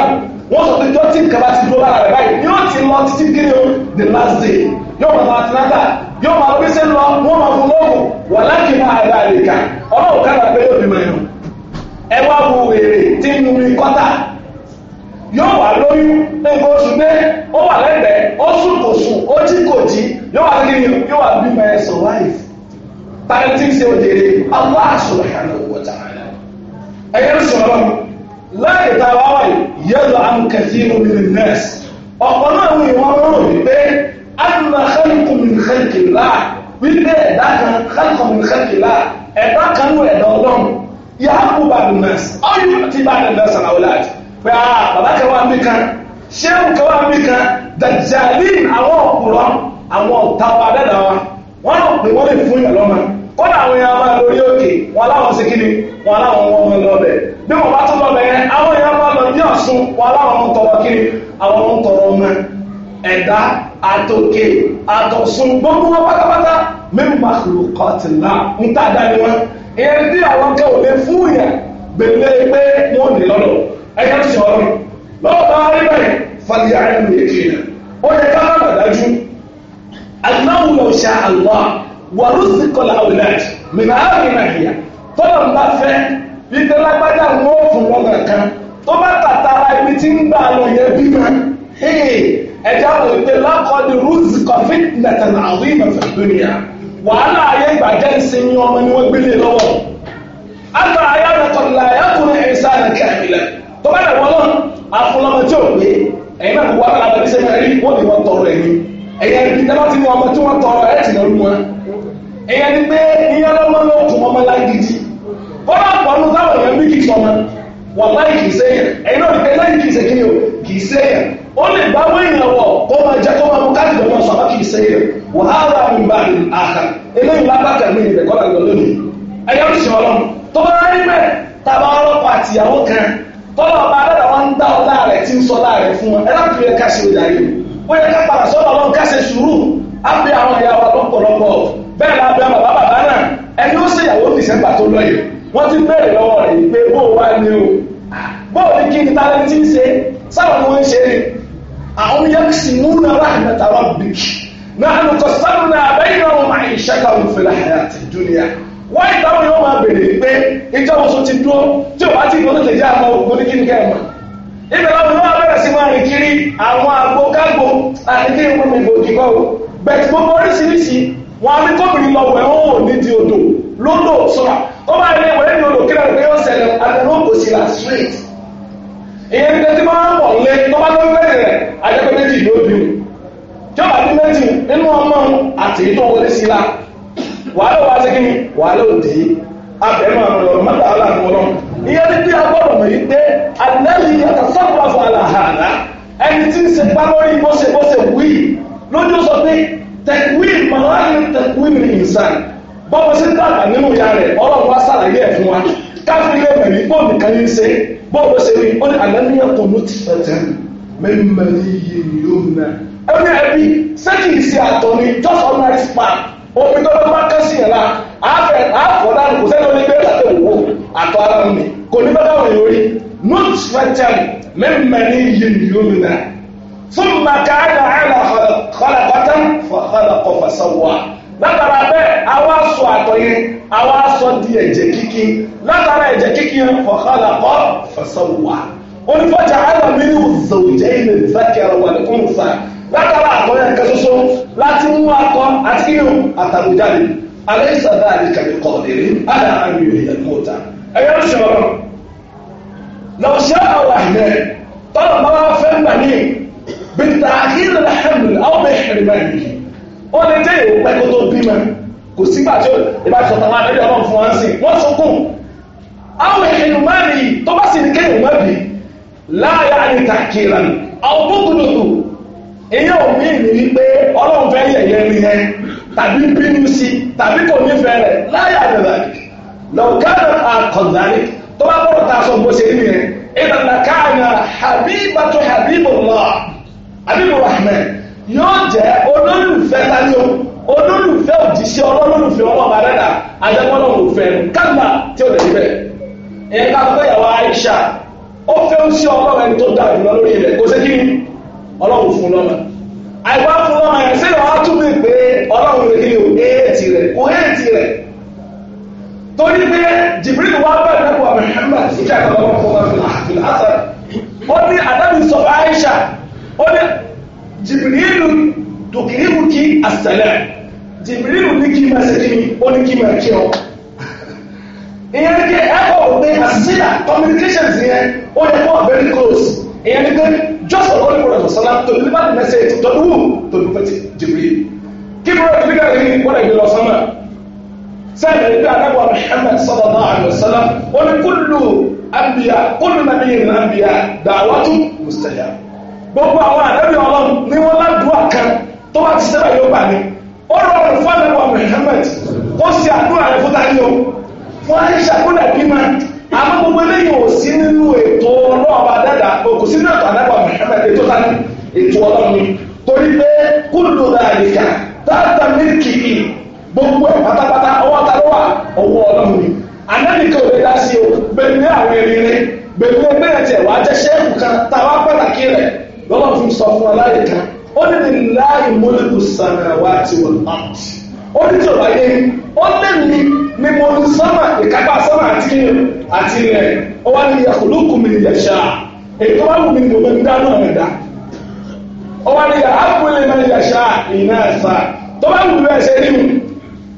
wọ́n sọ pé jọ́tí ti dúró lára rẹ̀ báyìí ti lọ tinata yóò máa bí lọ wọ́n máa fún wà máa yóò wà lóyún lẹ́gbẹ́ oṣù gbé ó wà lẹ́gbẹ̀ẹ́ ó sùn kò sùn ó jí kò jí yóò wà kí ni yóò wà bí my survive parenting ṣe òde Allah subhanahu wa ta'ala ẹ̀yẹ́ ń sọ̀rọ̀ láì ta wá wáyé yẹ́lò àǹkàtí omi nẹ́ẹ̀sì ọ̀pọ̀ náà wọ́n ìwọ́n rò wípé anna khalqun min khalqillah wípé ẹ̀dá kan khalqun min khalqillah ẹ̀dá kan ní ẹ̀dá ọlọ́run yàá kú bá nẹ́ẹ̀sì ọ̀yọ́ ti bá nẹ́ẹ̀sì àwọn ọ̀làjì pé a ah, bàbá kan wà mí kan ṣéun kan wà mí kan dàjàlín àwọn ọ̀pùrọ̀ àwọn ọ̀tá wa dáadáa wa wọ́n rò pé wọ́n lè fún yàn lọ́mọ kódà àwọn èèyàn máa lórí òkè wọn láwọn ṣe kí ni wọn láwọn wọn máa lọ bẹ bí wọn bá tún lọ yẹn àwọn èèyàn máa lọ ní ọ̀ṣun wọn láwọn ń tọrọ kí àwọn ń tọrọ ọmọ ẹ̀dá àtòkè àtọ̀sùn gbogbo wọn pátápátá mímu màkìlú kọ́tìlá ń tà dá wọn èyí tí àwọn kẹwàá lè ẹ̀sìn ọlọ́run lọ́wọ́ bá rí bẹ́ẹ̀ fàlíyà ẹnu èké náà ó yẹ ká bá bàdájú aláwọ̀ lọ ṣe àlọ́ wàlú sí kọlá ọ̀lẹ́t mìíràn á rìn àyà tọ́lọ̀ ń bá fẹ́ bí tẹ́lágbájá ń wọ́n fún wọn kankan tó bá tàtàrà ibi tí ń gbà lọ yẹn bí mọ́ ẹ̀já wò pé lákọ̀ọ́dì rúùsì kọfí nàtàlá àwọn ìmọ̀fẹ́ lónìí wàhálà ayé ìgbàjẹ́ ìsinmi ọmọ ni wọ́n gbélé lọ́wọ́. Àgbà ayé àgbàkọ̀lá ayé kùnrin ẹ̀sán àti àìlẹ̀ tó bá dàgbọ́ lọ́n afúnlọ́mọ tí ò pé ẹ̀yin náà kò wá lára bí sẹ́yìn rí wọ́n ní wọ́n tọrọ ẹ̀yìn ẹ̀yẹ ní dábàá ti mú ọmọ tí wọ́n tọrọ ẹ̀ tì lọ́rù wọn ẹ̀yẹ ní pé iye lọ́mọ ló kù mọ́mọ́ lágídí bọ́lá pọ̀nù táwọn èèyàn bí kì í sọmọ wọ́n láì kì í sẹ́yìn ẹ̀yin náà kì í láì kì í sẹ́yìn o kì í sẹ́yìn ó lè gbá wéèyàn wọ̀ kó máa tàbá ọlọ́pàá àtìyàwó kan tọ́lọ́ ọba adára wọn ń dá ọ láàrẹ̀ tí ń sọ láàrẹ̀ fún wọn ẹ̀rọ àti ìrẹ́ káṣí ìjà yìí wọ́n yẹ ká padà sọ́dọ̀ ọlọ́run káṣe sùúrù á pe àwọn ìyá wa lọ́pọ̀lọpọ̀ bẹ́ẹ̀ la bẹ bàbá bàbá náà ẹni ó ṣèyàwó dìsẹ́mbà tó lọ yìí wọ́n ti béèrè lọ́wọ́ rẹ̀ pé bó o wá ní o bó o ní kí ni tálẹ́ntì ń ṣe sáwọn ni wọ́n ń ṣe ni àwọn yẹ́kìsì múnà náà lùkọ̀ sábùnà wọ́n ìtàwọn yóò máa bèrè pé ìjọ oṣù ti dúró tí ò bá ti gbọ́dọ̀ lè jẹ́ àmọ́ ògbó ní kíni kẹ́ẹ̀mọ́ ibẹ̀ lọ́wọ́ ni wọ́n bẹ̀rẹ̀ sí máa rìn kiri àwọn àgbo kágbo àti kí wọ́n mi gbòdì kọ́ o bẹ̀tì gbogbo oríṣiríṣi wọn á ní kóbìnrin lọ wẹ̀ ó ní di odò lódò sọ́ra ó máa ní ìwẹ̀ ní odò kílẹ̀ pé ó ṣẹlẹ̀ àtẹnú kò sí la straight ìyẹn ní tẹ́tí máa ń pọ̀ lé tó bá lórí bẹ́ẹ̀ rẹ̀ àjẹpẹ́ méjì ló bí o jọba ní méjì nínú ọmọ àti ìtọ́wọlé sí la wàhálà wà sí kíni wàhálà òdì abẹ́mọ̀ àwọn ọ̀rọ̀ mọ́tà aláàánú ọlọ́run ìyẹn ní bí agbọ́dọ̀ mọ̀ yìí pé àlẹ́lì yàtọ̀ sábàfọ̀ àlàhàlà ẹni tí ń ṣe pa lórí bóṣebóṣe wí lójú sọ pé tẹ̀wí màláyé tẹ̀wí mi ìsàn bọ́wọ́ sí dàgbà nínú ìyá rẹ̀ ọlọ́run wá sàlàyé ẹ̀ fún wa káfíń lè mẹ̀mí bóòlù kan ní í ṣe bóòlù ṣe ó ní àlẹ́lì yàtọ̀ ló ti fẹ̀ mẹ́mẹ́lì yìí yóò ná ẹni ẹbí sẹ́kì ìsì àtọ̀ just ordinary spark omi tó bá kẹ́ sí yẹn la àfọ̀ dànù kò sẹ́ni omi gbé dàtẹ̀ wò àtọ̀ ara mi kò ní bàtà wọ̀nyí orí nut fẹ́tẹ̀m mímẹ́ ní iye nìyómi náà fún màkàdà àlà kọlàkọtà fọkọlàkọ fàṣọwà látara bẹ́ẹ̀ àwa sọ àtọ̀ yẹn àwa sọ di ẹ̀jẹ̀ kíkí látara ẹ̀jẹ̀ kíkí yẹn fọkọlàkọ fàṣọwà onífọ̀jà àlà mi ní òzòwò ní látara àwọn ẹ̀ka ṣoṣo láti mú akọ àti kíyàn àtàbùjáde alẹ́ ìsàdá àdìkàbí kọ̀ọ̀dẹ̀rí àdá àmì ìyẹn mọ́ta ẹ̀yẹ ń sọ̀rọ̀ lọ́wọ́ ṣé àwọn àhìnẹ́ tọ́lọ̀ bá wá fẹ́ gbà ní bìtà àkíyàn lẹ́hẹ̀mìlì àwọn mẹ́hìnrìn báyìí ó lè jẹ́ ìwò pẹ́ kó tó bímọ kò sígbà tí ìbá ìsọ̀tàn máa lórí ọlọ́run fún wọn sí wọ́n sunkún àwọn èèyàn máa nìyí tó bá sì ní kéèyàn má bì láàyè àdìtàkìrà àwọn bókùnlùkù ìyá òmí ìlú wípé ọlọ́run fẹ́ yẹ̀yẹ́ rí yẹn tàbí bínú sí tàbí kò nífẹ̀ẹ́ rẹ̀ láyà àdàlà na àkọ̀dàrí tó bá bọ̀rọ̀ ta sọ bó ṣe rí habibatu habibullah habibur rahman yóò jẹ́ olólùfẹ́ tani o olólùfẹ́ òjíṣẹ́ olólùfẹ́ ọlọ́ba rẹ̀dà ajẹ́gbọ́nà òfẹ́ tí o lè Aisha ó fẹ́ ń sí ọlọ́run tó lórí kò ọlọ́run fún lọ́mọ àìwá fún lọ́mọ yẹn sí ìwà tún bí pé ọlọ́run rẹ̀ nílò éètì rẹ̀ kò éètì rẹ̀ torí pé Jibril wá bẹ̀rẹ̀ lẹ́kọ̀ọ́ Muhammad ìjà ìkọlọ́wọ́ fún wọn fi àfihàn àtàrà ó ní adábì sọ fún Aisha ó ní Jibril dùkìrìmù kí àṣẹlẹ̀ Jibril ní kí máa ṣe kí ni ó ní kí máa kí ọ ìyẹn ní kí ẹ̀kọ́ òpin àṣìṣíyà communications yẹn ó yẹ kó very close ìyẹn ní kí just for the Holy Prophet to deliver the message to whom? To the Prophet Jibril. Jibril delivered him when I last summer. سأل النبي محمد صلى الله عليه وسلم ولكل أنبياء كل نبي من الأنبياء دعوته مستجاب gbogbo àwọn ànábì Ọlọ́run ni wọn ládùúgbò kan tó bá ti ṣẹlẹ̀ yóò bá ní ó rọrùn fún ànábì Muhammad kó ṣe àdúrà rẹ̀ fún tani o fún àyíṣà kó dàbí máa àmọ́ gbogbo eléyìí ò sí nínú ètò ọlọ́ọ̀bá dẹ́dà kò sí nínú ètò na Muhammad ètò tani ètò ọlọ́ọ̀ni torí pé kúndùn àyíká gbogbo ẹ̀ pátápátá ọwọ́ ta ló wà ọwọ́ ọlọ́ọ̀ni ànábìkẹ́ o bẹ́ẹ̀ ní àwọn eré gbèlú ẹgbẹ́ ẹ̀ tiẹ̀ wàá jẹ́ sẹ́ẹ̀kù kan tá sọ mímọ ní sánmà ìkápá sánmà àti ilẹ̀ àti ilẹ̀ ya wá yàkùlù kùmí ní yàṣà ètò wà kùmí ní òbẹ̀ ńdá náà rẹ̀ dá ó wá ní yàkùlù ní yàṣà ìná ẹ̀fà tó bá wù bẹ́ẹ̀ ṣe nínú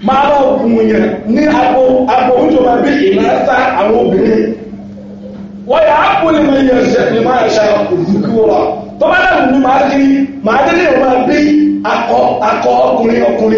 máa bá yẹn ní abo abo bí ìná ẹ̀fà àwọn obìnrin wọ́n ní tó bá dàgbù màá màá ní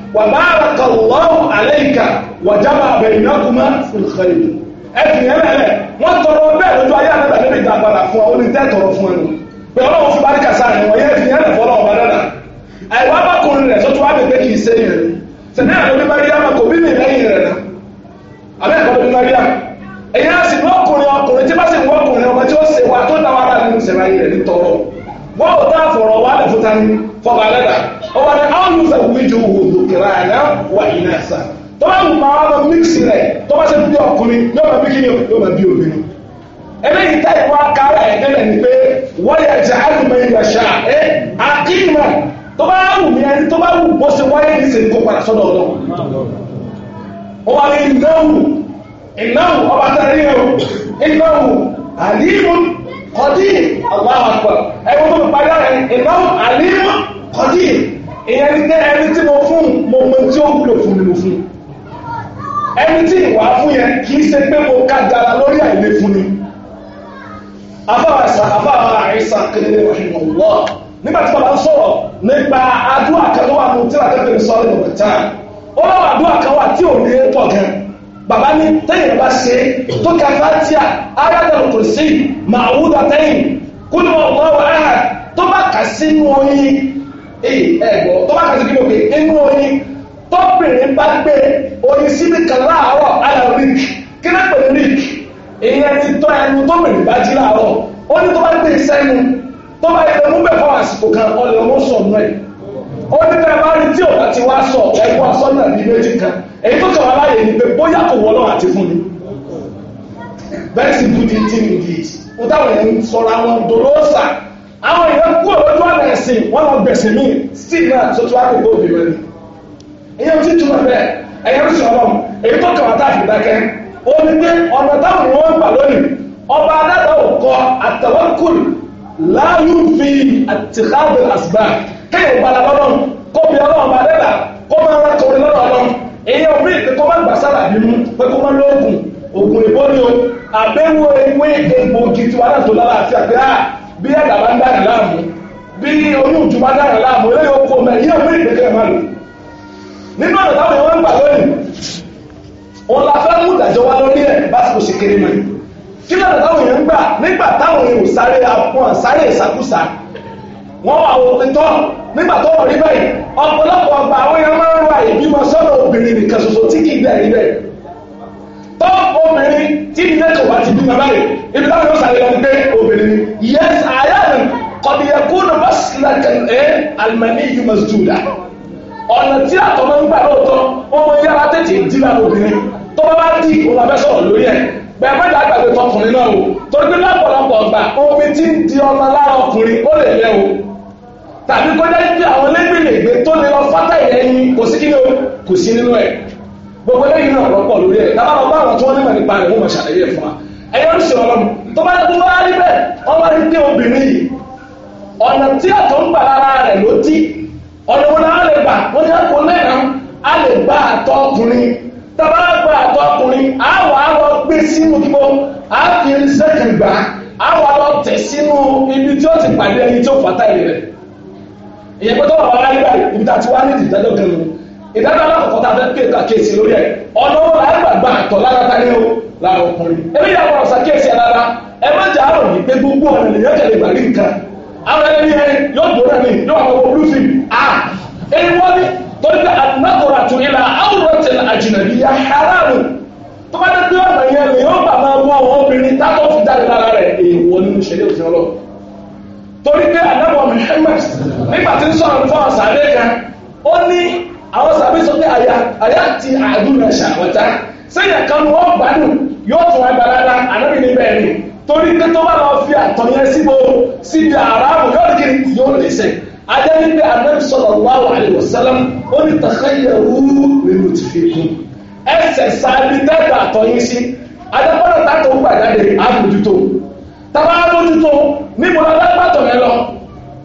وبارك الله عليك وجمع بينكما في الخير ẹfìn yẹn lẹlẹ wọn tọrọ bẹ́ẹ̀ lójú ayé àgbàdo níbi ìdàgbàrà fún ọ ní tẹ tọrọ fún ẹnu pé Ọlọ́run fún barika sáà ni wọn yẹ ẹfìn yẹn lẹ ọba dada àìwá bákùnrin rẹ sọtún wàá bèbè kì í sẹ́yìn rẹ sẹni àná bí Mariam kò bí mi lẹ́yìn rẹ náà àbẹ ẹkọ ọba ní àwọn yóò fẹ́ wíjọ òhòòdò ìrànà wà iná sá tọ́ba ń pa ọmọ mixi rẹ̀ tọ́ba ṣe bí ọkùnrin yóò máa bí kí ni yóò máa bí obìnrin eléyìí tá ìwọ akára ẹ̀ dẹ́lẹ̀ ni pé wáyà jẹ́ àlùmọ̀ ìyá ṣá ẹ́ àkíyìmọ̀ tọ́ba wù mí ẹni tọ́ba wù bó ṣe wáyé ní sèǹkó padà sọ́dọ̀ ọ̀dọ́ ọba ní o ìnáwó àlímù kọ́dí àwọn àpọ̀ ẹ̀wọ̀n tó ń padà rẹ̀ ìnáwó àlímù kọ́dí ìyẹn ní pé ẹni tí mo fún mo mọ tí ó ń lò fún mi lò fún ẹni tí ìwà fún yẹn kì í ṣe pé mo ká dára lórí àìlè fún ni afáwà ìsà afáwà àìsà kékeré wàhìn ọ̀wọ́ nígbà tí bàbá ń sọ̀rọ̀ nípa àdúrà kan tó wà ní tí àtẹ́fẹ́ mi sọ́ọ́ nínú ìta ó lọ́wọ́ àdúrà kan wà tí ò ní pọ̀ gan bàbá ní tẹ́yìn bá ṣe tó ka fatia ayatollah kò sí màwúdà tẹ́yìn kúlù ọ̀gbọ́n wàhálà tó bá kà sínú oyin èyí ẹ̀gbọ́ tó bá kàtó kíkọ́ pé inú oyin tọ́pìnrin bá gbé oyin síbi kan láàárọ̀ ala rik kí náà pè ní rik ìyẹn ti tọ́ ẹnu tọ́pìnrin bá jí láàárọ̀ ó ní tó bá gbé sẹ́nu tó bá yẹ mú bẹ̀ fún àsìkò kan ọlẹ́ ọmọ sọ̀nù ẹ̀ ó ní bẹ́ẹ̀ bá rí tí òkà ti wá sọ ẹ̀kọ́ àsọ́nà bíi méjì kan èyí tó kàn wá láàyè ni pé bóyá kò wọ́ náà àti fún mi bẹ́ẹ̀ sì bú di tí mi di ìtì àwọn èèyàn kú òótọ́ ọ̀nà ẹ̀sìn wọ́n lọ gbẹ̀sẹ̀ mí sí náà tó tó wá kó òbí wọn ni èèyàn ti túmọ̀ bẹ́ẹ̀ ẹ̀yẹ́ ń sọ̀rọ̀ èyí tó kàn wá tá àfi dákẹ́ ó ní pé ọ̀nà táwọn wọn gbà lónìí ọba adájọ́ òkọ àtàwọ́kùn láàyò fi àtìkáàbò àsìbá kéèyàn gbala lọ́dọ̀ kó bí ọlọ́run bá dẹ́gbà kó máa rán torí lọ́dọ̀ ọlọ́run èèyàn bí kó má gbà sára bí ẹ̀dá bá ń dànù láàmú bí oyún ìjùmọ̀ dànù láàmú eléyìí ó kó mẹ́ yíyá wíìlì kékeré máa lò nínú ọ̀nà táwọn èèyàn ń gbà lónìí òun la fẹ́ mú ìdájọ́ wá lórí ẹ̀ básìkò ṣe kéré mọ́ kí lọ́nà táwọn èèyàn ń gbà nígbà táwọn èèyàn sáré àwọn sáré ìsàkúsà wọ́n wà òpin tọ́ nígbà tó wọ̀ rí bẹ́ẹ̀ ọ̀pọ̀lọpọ̀ ọgbà àwọn èèyàn máa ń ra ìbímọ sọ́dọ̀ obìnrin nìkan ṣoṣo tí kì í bẹ̀rẹ̀ bẹ́ẹ̀ obìnrin tí nẹ́tò bá ti bí bàbá rẹ̀ ibi táwọn yóò sàlẹ̀ lọ́wọ́ pé obìnrin ni yes àyàn kọ̀dìyẹ̀kú ní mọ́sílẹ̀kẹ̀ ẹ̀ alimami yìí mọ̀ jùlá ọ̀nà tí àtọ̀ máa ń gbà lóòótọ́ wọ́n mọ yára tètè dí lára obìnrin tó bá bá dì òun abẹ́ sọ̀rọ̀ lórí ẹ̀ bẹ́ẹ̀ bá dàgbà pé tọkùnrin náà o torí pé lápọ̀lọpọ̀ ọgbà o tàbí kọjá pé àwọn lẹ́gbẹ̀lẹ́gbẹ̀ tó lè lọ fátà ìyẹn kò ni o kò gbogbo eléyìí náà lọ́pọ̀ lórí ẹ̀ tábà lọ bá àwọn tí wọ́n nímọ̀ nípa rẹ̀ wọ́n mọ̀ ṣàlàyé fún wa ẹ̀yọ́ ń ṣe ọlọ́run tó bá tó bá rí bẹ́ẹ̀ wọ́n bá rí pé obìnrin yìí ọ̀nà tí àtọ̀ ń gbà lára rẹ̀ ló dí ọ̀nà wọn náà lè gbà wọ́n ní àpò mẹ́rin á lè gba àtọ̀ ọkùnrin tábà gba àtọ̀ ọkùnrin àwọ̀ àwọ̀ gbé sínú kíkó àfi sẹ́kìn gbà àwọ̀ àwọ̀ tẹ̀ sínú ibi tí ó ti pàdé ẹni tí ó fàtà ìrẹ̀ ìyẹn pé tó wà wá rí báyìí ibi tá a ti wá ní ìdájọ́ kan nù ìdájọ́ alákọ̀ọ́kọ́ tá a fẹ́ pè kàkíyèsí lórí ẹ̀ ọlọ́wọ́ la gbàgbà àtọ̀ lára ta ní o lára ọkùnrin ebi yà wọ́n ọ̀sán kíyèsí alára ẹ má jà àrò yìí pé gbogbo ọ̀nà lèyàn tẹ̀lé gbà rí nǹkan àwọn ẹni yẹn yóò gbóná mi yóò àwọn ọmọ olúfi à ẹni wọ́n ní torí pé àdínàkọ̀rọ̀ àtò ìlà àwòrán tẹ̀lé àjìnàbí yà haramu tó bá dé pé ọ̀nà yẹn lè yóò àwọn sábẹ́ sọ pé àyà àyà ti àdúrà ṣàwọ̀tá sẹ́yìn kan wọ́n gbádùn yóò tún agbára anábì ní bẹ́ẹ̀ ni torí pé tó bá lọ fi àtọ̀yẹ síbo síbi àràbù yóò lè kiri yóò lè sẹ́ adéyé pé anábì sallallahu alaihi wasallam ó ní takhayyaru nínú ti fi kún ẹsẹ̀ sáábì dẹ́gbà àtọ̀yẹ sí adébọ́dọ̀ tààtò gbàdáde àbójútó tábà àbójútó níbo lọ́dọ́ gbàtọ̀ yẹn lọ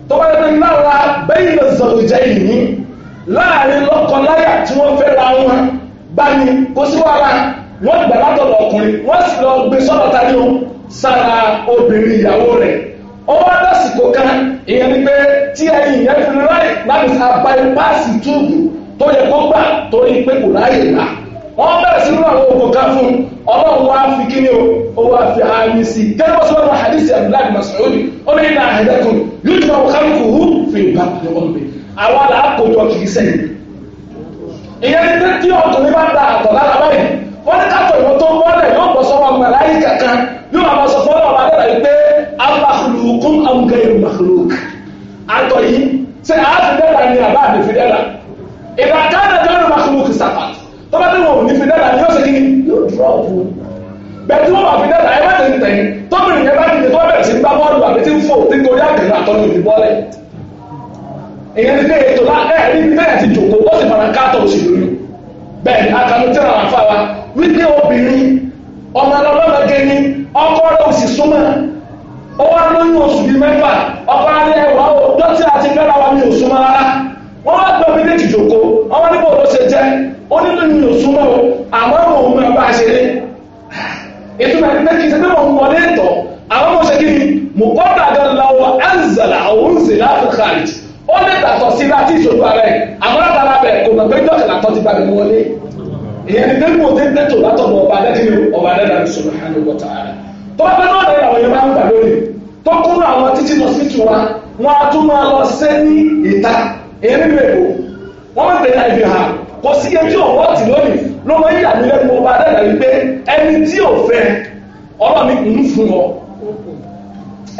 tó láàrin lọ́kọláyà tí wọ́n fẹ́ ra wọn kó sí wàhálà wọ́n gbà látọ̀dọ̀ ọkùnrin wọ́n sì lọ o sára obìnrin ìyàwó rẹ̀ ọwọ́ lásìkò kan ìyẹn ni pé tí ẹyin ìyẹn fi ráì láti àbá ipáàsì túùbù tó yẹ kó gbà torí pé kò ráyè gbà wọ́n bẹ̀rẹ̀ sí nínú àwọn oògùn kan fún ọlọ́run wá fi kí ni o ó wá fi àmì sí i gẹ́gẹ́ bó hadith abdullahi masoud ó ní ìlànà yóò àwọn làákòjọ kìí sẹ́yìn ìyẹn ní tí ọkùnrin bá da àtọ̀ lá ẹni tí ò fẹ́ ọlọ́ni ń fún ọ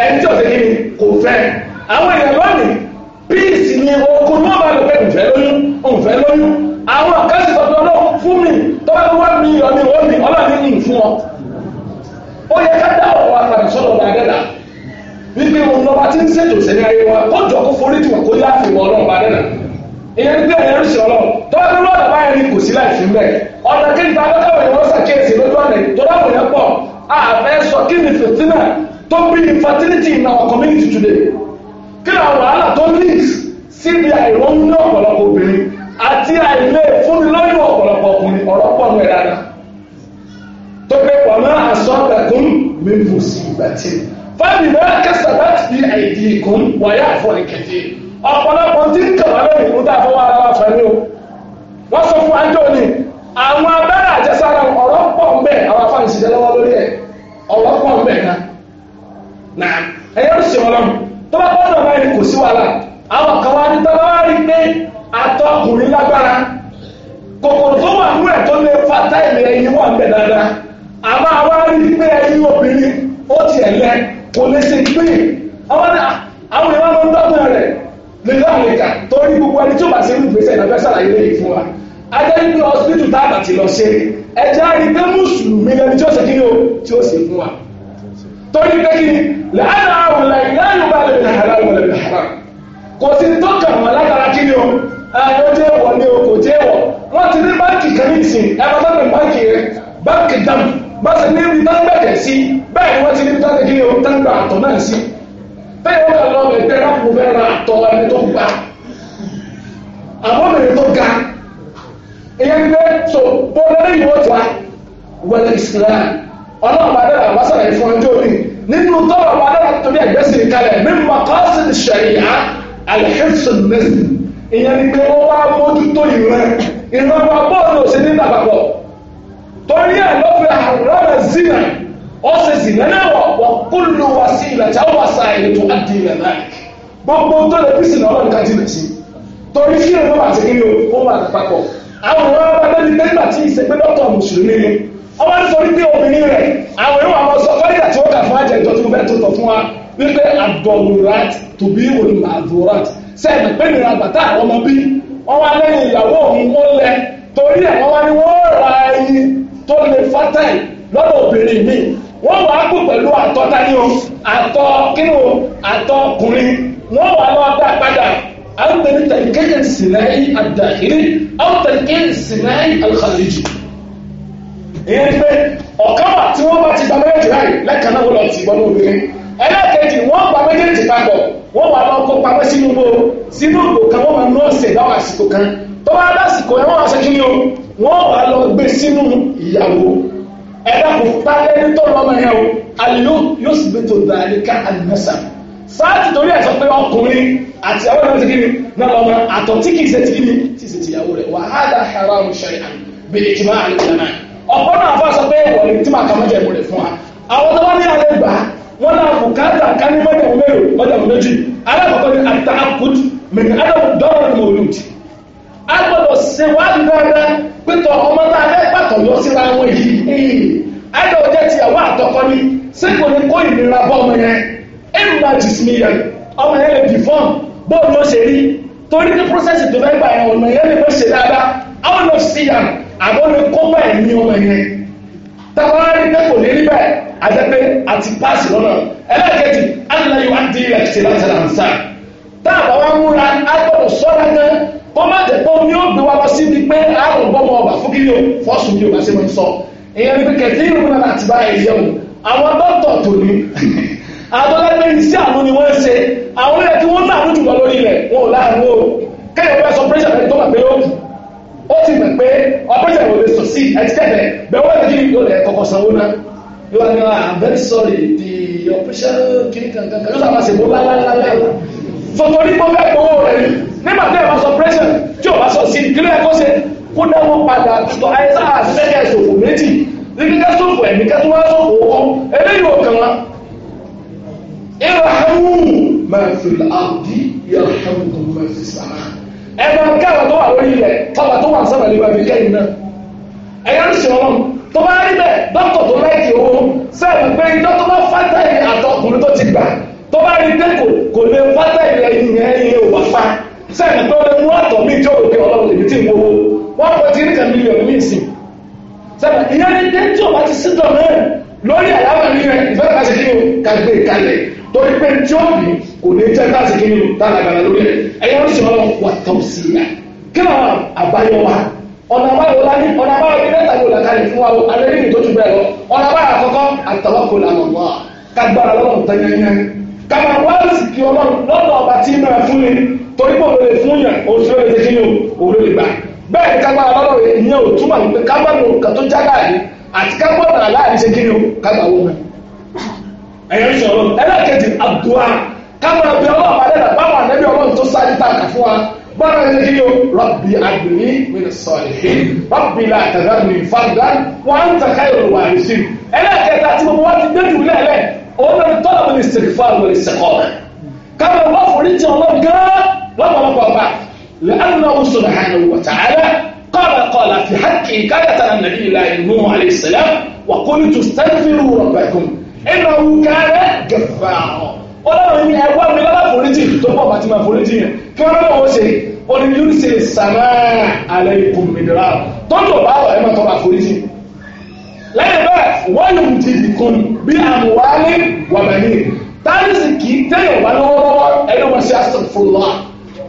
ẹni tí ò fẹ́ kí ni kò fẹ́ àwọn èèyàn lónìí píìsì ni okun náà bá lè fẹ́ òǹfẹ́ lóyún òǹfẹ́ lóyún àwọn akẹ́sì tọ́jú ọlọ́run fún mi tọ́jú wọn mi ọ̀nì wọ́n mi ọlọ́ni ń fún ọ ó yẹ ká dá ọ̀rọ̀ àtàrí sọ́dọ̀ ọ̀gá dẹ́dà wípé òun lọ́ba tí ń ṣètò sẹ́ni ayé wa kó jọ kó forí tiwọn kó yá àfihàn ọlọ́run bá dẹ́dà ìyẹn ní bẹ́ẹ̀ yẹn ń sọ̀rọ̀ tọ́jú lọ́dọ̀ báyẹn ni kò sí láìsí mbẹ́ ọ̀nà kí n ta lọ́dọ̀ wẹ̀ wọ́n ṣàkíyèsí lójú ọ̀nà ìjọdáwò yẹn pọ̀ àfẹ́ sọ kí ni fìtínà tó bí infertility in our community today kí ni àwọn wàhálà tó ní síbi àìrọ́nú ọ̀pọ̀lọpọ̀ obìnrin àti àìlè fúnni lọ́yọ̀ ọ̀pọ̀lọpọ̀ ọkùnrin ọ̀rọ̀ pọ̀ nù ẹ̀dá tó pé pọ̀ mọ́ àsọ̀tẹ̀kùn mímú sí ìgbà tí fáàmì mẹ́rin kẹsàn-án láti fi àìdí ìkún wáyà fún ìkẹtì ọ̀pọ̀lọpọ̀ tí ń kàwá lónìí afọ dáa fọwọ́ ara wa fẹ́ ní o wọ́n sọ fún wájú òní àwọn abẹ́rẹ́ àjẹsára ọ̀rọ̀ pọ̀ ń bẹ̀ àwọn afáàní ṣiṣẹ́ lọ́wọ́ lórí ẹ̀ ọ̀rọ̀ pọ̀ ń bẹ̀ ná ẹ̀yẹ́ ń tó bá kò sí wàhálà àwọn kan wá ní tọ́lá wá rí pé lágbára kòkòrò tó wà tó àmìkà torí gbogbo ẹni tí ó bá ṣe irú ìgbésẹ̀ ìdájọ́ ṣàlàyé lè fún wa adẹ́gbẹ́ hospital tá a bàtì lọ ṣe ẹjẹ́ àrí pé mùsùlùmí lẹni tí ó ṣe kí o tí ó ṣe fún wa torí pé kí ni lẹ́nu àwọn ìlànà bá lè ní àrà wọn lè ní àrà kò sí tọ́kà wọn látara kí o ẹ̀yọ́ jẹ́ wọ̀ ni o kò jẹ́ wọ̀ wọ́n ti ní báńkì kan ní ìsìn ẹ̀rọ tó ní báńkì rẹ̀ báńkì dàmù bá ṣe ní ibi tó ń gbẹ̀kẹ̀ sí bẹ́ẹ̀ ni wọ́n ti ní bẹ́ẹ̀ ó kà lọ bẹ̀ tẹ́ láti mo fẹ́ ra àtọ̀ ẹni tó gba àwọn obìnrin tó ga ìyẹn gbé so bọ́lá lẹ́yìn wọ́n ti wá wẹ́lẹ̀ ìsìlẹ̀ ọlọ́run bá dára wá sàlàyé fún ọjọ́ òní nínú tọ́lọ̀ bá dára torí ẹ̀gbẹ́sìn kalẹ̀ mímú akọ́sí ṣẹ̀yà alhifsun mẹ́sìn ìyẹn ni pé ó wá mójútó ìran ìran wa bọ́ọ̀lù òsì ní ìdàgbàpọ̀ torí ẹ̀ lọ́fẹ̀ẹ́ àrùn rẹ̀ zina ọsẹ zinana wọ wọ kúlù wá sí ìlàjà wà sá ètò àdé ìlànà gbogbo tó lè bísí náà Ọlọ́run kájí lè sí torí kí ló bá ti kiri o ó wà ní papọ̀ àwọn ọmọ bá bẹ́ẹ̀ ní nígbà tí ìṣe pé dọ́tọ̀ mùsùlùmí ni ọmọ nítorí pé obìnrin rẹ̀ àwọn ìwà ọmọ sọ fọ́nìyà tí ó kà fún àjẹjọ tó bẹ́ẹ̀ tó tọ̀ fún wa wípé àdọ̀wùrát tòbí ìwòlù màdùrát sẹ́ẹ̀dì pé nira bàtà àwọn ọmọ bí wọ́n wá lẹ́yìn ìyàwó òun ó lẹ torí ẹ̀ wọ́n wá ní wọ́n ra ẹyin tó lè fátẹ̀ lọ́dọ̀ obìnrin míì wọ́n wàá kú pẹ̀lú àtọ̀ tani o àtọ̀ kínú o àtọ̀ ọkùnrin wọ́n wàá lọ dá padà àwọn tẹ̀lé tẹ̀lé sinai àdàkìrí àwọn tẹ̀lé sinai alxaliju ìyẹn pé ọ̀kan wà tí wọ́n bá ti gba méjèèjì láì lẹ́ẹ̀kan náà wọ́n lọ ti gbọ́n obìnrin ẹlẹ́ẹ̀kejì wọ́n gba méjèèjì papọ̀ wọ́n wà lọ kó pamọ́ sínú gbó sínú gbò kan wọ́n máa nọ́ọ̀sì ẹ̀dá àsìkò kan tó bá lásìkò ẹ̀ wọ́n wá ẹ̀rọ kò tálẹ́ ní tó lọ́mọ yẹn o àlùyó yóò sì gbé tó dàrí ká àlùmọ́sà sáàtì torí ẹ̀ sọ pé ọkùnrin àti àwọn ọmọ ti kí ni náà lọ́mọ àtọ̀ tí kì í ṣe ti kí ni tí ì ṣe tìyàwó rẹ̀ wà á dá haram ṣẹ̀yà bèrè jùmọ̀ àlùjànnà ọ̀pọ̀ náà fọ́ sọ pé ìwọ̀n ní tí màá kà mọ́jà ìmúlẹ̀ fún wa àwọn tó wá ní alẹ́ gbà wọn náà kò káàtà ká ní mọ́jà ìmúlẹ̀ mọ́jà ìmúlẹ̀ jù alákọ̀ọ́kọ́ ni àtàkùt mẹ́ni adáwọ̀ dọ́rọ̀ ni mo lù jù a gbọ́dọ̀ ṣèwádìí dáadáa pétọ ọmọ tá a fẹ́ pàtó yọ síra wọn yìí àìdá òjẹ́ ti àwọn àtọkọ ni ṣé kò ní kó ìnira bọ́ ọmọ yẹn ẹ̀rùbá jìsìmìyàn ọmọ yẹn lè bí fọ́ọ̀mù bóòlù ló ṣe rí torí ní prọ́sẹ̀sì tó fẹ́ gbà yẹn ọ̀nà yẹn lè fẹ́ ṣe dáadáa àwọn lọ sí yà àbọ̀ lè kó bá ẹ̀mí ọmọ yẹn tabaari ní kọ́ má jẹ́ pé omi ó gbé wa lọ síbi pé àrùn bọ́mọ ọba fún kí ni o fọ́ọ̀sù bí o bá ṣe máa ń sọ ìyẹn ni pé kẹ̀kẹ́ ìlú náà láti bá ẹ̀yẹ o àwọn dọ́tọ̀ tò ní àtọ́lẹ́gbẹ́ iṣẹ́ àánú ni wọ́n ṣe àwọn ilẹ̀ tí wọ́n láàánú jùlọ lórí rẹ̀ wọn ò láàánú o kẹ́yọ̀ bẹ́ẹ̀ sọ pírẹ́sà rẹ̀ tó bà pé lóògùn ó ti mọ̀ pé ọpẹ́sà rẹ̀ ò lè sọ sí ẹ̀tẹ́tẹ̀ bẹ̀wọ́ ẹ̀ kí yóò ah, very sorry the operation kiri kankan kan yóò sábà ṣe bó lálálálá fọtọ́ nígbà tí ẹ̀ bá sọ pẹ́sẹ̀ tí ò bá sọ sí kíló ẹ̀kọ́ ṣe kó dáwọ́ padà tó àyẹ̀sá àtẹ́kẹ̀ ṣòfò méjì ní kíkẹ́ ṣòfò ẹ̀mí kẹ́tọ́ wá ṣòfò ọkọ eléyìí ò kàn wá. ìràhàmù máa fi àbí ìràhàmù máa fi sàrà. ẹ máa kára tó wà lórí ilẹ̀ tọ́ba tó wà sábà lè wà fi kẹ́yìn náà. ẹ̀yà ń ṣe ọlọ́run tó bá rí bẹ́ẹ̀ dọ́kítọ̀ tó láìkì owó sẹ́ẹ̀mù pé idọ́ tó bá fátà ilẹ̀ àtọkùnrin tó ti gbà tó bá rí pé kò lè fátà ilẹ̀ ìyẹn ìyẹn ò wá sẹ́yìn tó lè mú àtọ̀ mí tí ó rò pé ọlọ́run èyí tí ń gbowó wọ́n pọ̀ tí nìkan mílíọ̀nù ní ìsìn sẹ́yìn ìyẹn ní dé tí ò bá ti sídọ̀ náà lórí àyàwó ní rẹ̀ ìfẹ́ ká ṣe kí o ká gbé e kalẹ̀ torí pé tí ó bì kò ní jẹ́ ká ṣe kí o tá lágbára lórí rẹ̀ ẹ̀yẹ́ ó sì ọlọ́run wà tó sí i kí làwọn àbáyọ wa ọ̀nà báyọ̀ la ní ọ̀nà báyọ̀ ní mẹ́ta yóò làkàlẹ̀ fún wa o alẹ́ nínú tó tún bẹ́ẹ̀ lọ ọ̀nà báyọ̀ àkọ́kọ́ àtàwọn kò làwọn wà kágbára lọ́wọ́ tẹ́yẹ́yẹ́ kàmá wá rìsìkì ọlọ́run lọ́nà ọba tí ń bẹ̀rẹ̀ fún mi torí pé òun lè fún yàn òun sì lóye kíni òun lè gbà bẹ́ẹ̀ kápá ọlọ́run rẹ̀ ìyẹn ò túmọ̀ nípa kápá nù kà tó já láàrin àti kápá ọ̀nà láàrin ṣe kíni o kápá wọn mẹ́. ẹ̀yẹ́ ń sọ̀rọ̀ ẹlẹ́kẹ̀jì àdúrà kápá ọbẹ̀ ọlọ́run alẹ́ nà báwọn ànẹ́bí ọlọ́run tó sáré tààkà fún wa bọ́ọ̀rọ̀ ẹ̀ṣẹ̀ kíni o rọ́bì àgbèrè mìíràn sọ̀rọ̀ rọ́bì làtàdà mìíràn fàdà wọ́n á ń tàkà ìrọ̀wà àrísìn ẹlẹ́kẹ̀ta tí gbogbo wọn ti òun náà tọ́lá mi ní sèrèfà àwọn ìsẹ̀kọ́ káwọn ọba foríjì ọlọ́run gán lọ́pọ̀lọpọ̀ ọba lẹ́nu ọ̀sùn àhánà wọ̀tà ààrẹ قال قال في حق كاية النبي الله نوح عليه السلام وقلت استغفروا ربكم إنه كان غفارا Ọlọ́run ní ẹgbẹ́ mi lọ́la foríjì tó pọ̀ bá ti máa foríjì yẹn kí wọ́n lọ́wọ́ ṣe oníyúrísẹ̀ sàmáà alẹ́ ikùn mìíràn tó tó bá wà ẹ̀ máa tọ́ra foríjì lẹ́yìn bẹ́ẹ̀ wọ́n yóò di ìkún bí àmúwálé wàmẹ́ni táyìsì kì í tẹ́yọ̀ wá lọ́wọ́lọ́wọ́ ẹni wọ́n ṣe àṣọ fún lọ́wọ́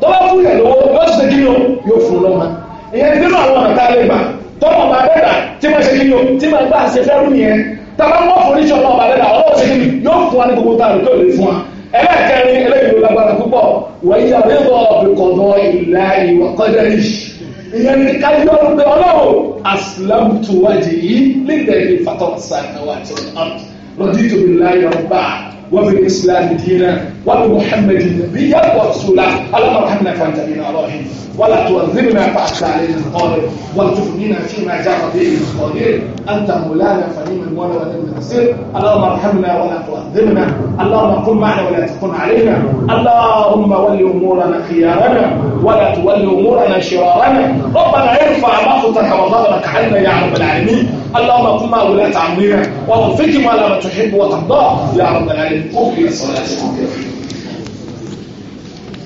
tó bá fún yẹn lọ́wọ́ yóò ṣe kí ni o yóò fún lọ́wọ́ ìyẹn nínú àwọn ọ̀nà tá a lè gbà tọ́wọ́ ọba dẹ́gbà tí wọ́n ṣe kí ni o tí wọ́n gbà ṣe fẹ́rù yẹn tàbá wọ́n fún oníṣẹ́ ọba dẹ́gbà ọlọ́wọ́ ṣe kí ni yóò fún wa ní gbogbo táàrí tó lè fún wa ẹlẹ́ẹ̀kẹrin eléyìí ìyẹn ní ká yọrù pé ọlọ́wọ́ asilamu tó wájú yìí nígbà yìí fatọ́ sáà náwó àti ọ̀nà lọ́dí tóbi láyọ̀ báà. إسلام دينا وبمحمد نبيا ورسولا اللهم ارحمنا فأنت بنا راحم ولا تعذبنا فأنت علينا القادر وارزقنا فيما جرى به القدير أنت مولانا فنيم المولى ونعم النصير اللهم ارحمنا ولا تعذبنا اللهم كن معنا ولا تكن علينا اللهم ول أمورنا خيارنا ولا تول أمورنا شرارنا ربنا ارفع مقتك وضرك عنا يا رب العالمين اللهم كن مع ولاة أمرنا وانفقهم على ما تحب وترضى يا رب العالمين قم إلى الصلاة